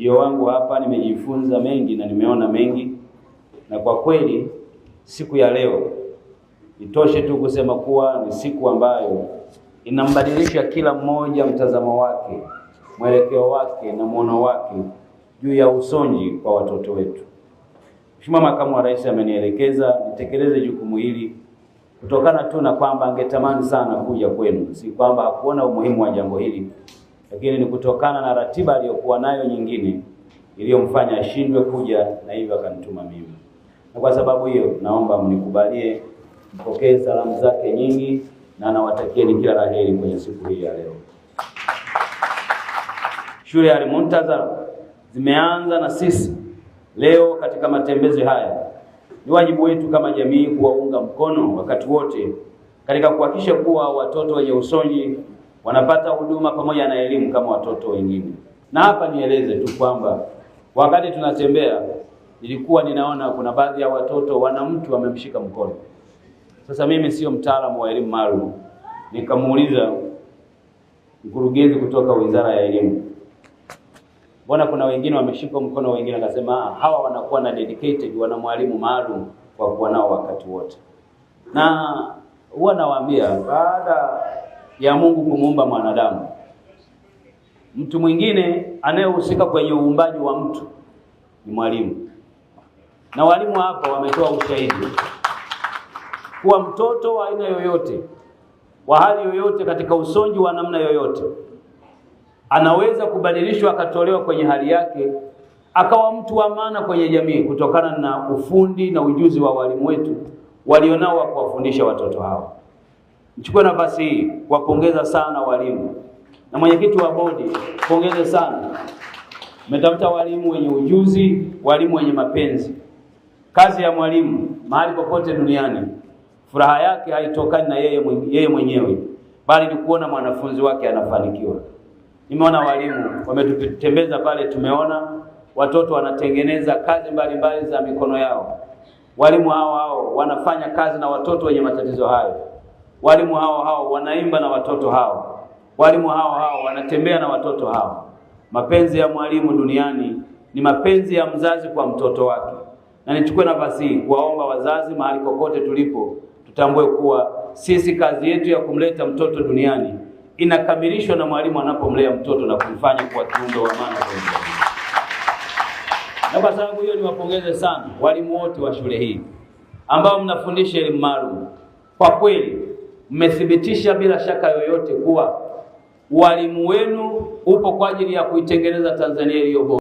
ujio wangu hapa nimejifunza mengi na nimeona mengi, na kwa kweli siku ya leo itoshe tu kusema kuwa ni siku ambayo inambadilisha kila mmoja mtazamo wake, mwelekeo wake na muono wake juu ya usonji kwa watoto wetu. Mheshimiwa Makamu wa Rais amenielekeza nitekeleze jukumu hili kutokana tu na kwamba angetamani sana kuja kwenu, si kwamba hakuona umuhimu wa jambo hili lakini ni kutokana na ratiba aliyokuwa nayo nyingine iliyomfanya ashindwe kuja na hivyo akanituma mimi. Na kwa sababu hiyo, naomba mnikubalie mpokee salamu zake nyingi, na nawatakieni kila la heri kwenye siku hii ya leo. Shule ya Al-Muntazir zimeanza na sisi leo katika matembezi haya. Ni wajibu wetu kama jamii kuwaunga mkono wakati wote katika kuhakikisha kuwa watoto wenye usonji wanapata huduma pamoja na elimu kama watoto wengine. Na hapa nieleze tu kwamba wakati tunatembea nilikuwa ninaona kuna baadhi ya watoto wana mtu wamemshika mkono. Sasa mimi sio mtaalamu wa elimu maalum, nikamuuliza mkurugenzi kutoka Wizara ya Elimu, mbona kuna wengine wameshika mkono, wengine akasema ah, hawa wanakuwa na dedicated, wana mwalimu maalum kwa kuwa nao wakati wote, na huwa nawaambia baada ya Mungu kumuumba mwanadamu. Mtu mwingine anayehusika kwenye uumbaji wa mtu ni mwalimu, na walimu hapa wametoa ushahidi kuwa mtoto wa aina yoyote wa hali yoyote katika usonji wa namna yoyote anaweza kubadilishwa akatolewa kwenye hali yake akawa mtu wa maana kwenye jamii kutokana na ufundi na ujuzi wa walimu wetu walionao wa kuwafundisha watoto hao. Nichukue nafasi hii kuwapongeza sana walimu na mwenyekiti wa bodi, pongeze sana. Umetafuta walimu wenye ujuzi, walimu wenye mapenzi. Kazi ya mwalimu mahali popote duniani, furaha yake haitokani na yeye, yeye mwenyewe, bali ni kuona mwanafunzi wake anafanikiwa. Nimeona walimu wametutembeza pale, tumeona watoto wanatengeneza kazi mbalimbali mbali za mikono yao. Walimu hao hao wanafanya kazi na watoto wenye matatizo hayo walimu hao hao wanaimba na watoto hao, walimu hao hao wanatembea na watoto hao. Mapenzi ya mwalimu duniani ni mapenzi ya mzazi kwa mtoto wake, na nichukue nafasi hii kuwaomba wazazi, mahali kokote tulipo, tutambue kuwa sisi kazi yetu ya kumleta mtoto duniani inakamilishwa na mwalimu anapomlea mtoto na kumfanya kuwa kiumbe wa maana kwa Na kwa sababu hiyo, niwapongeze sana walimu wote wa shule hii ambao mnafundisha elimu maalum. Kwa kweli mmethibitisha bila shaka yoyote kuwa ualimu wenu upo kwa ajili ya kuitengeneza Tanzania iliyo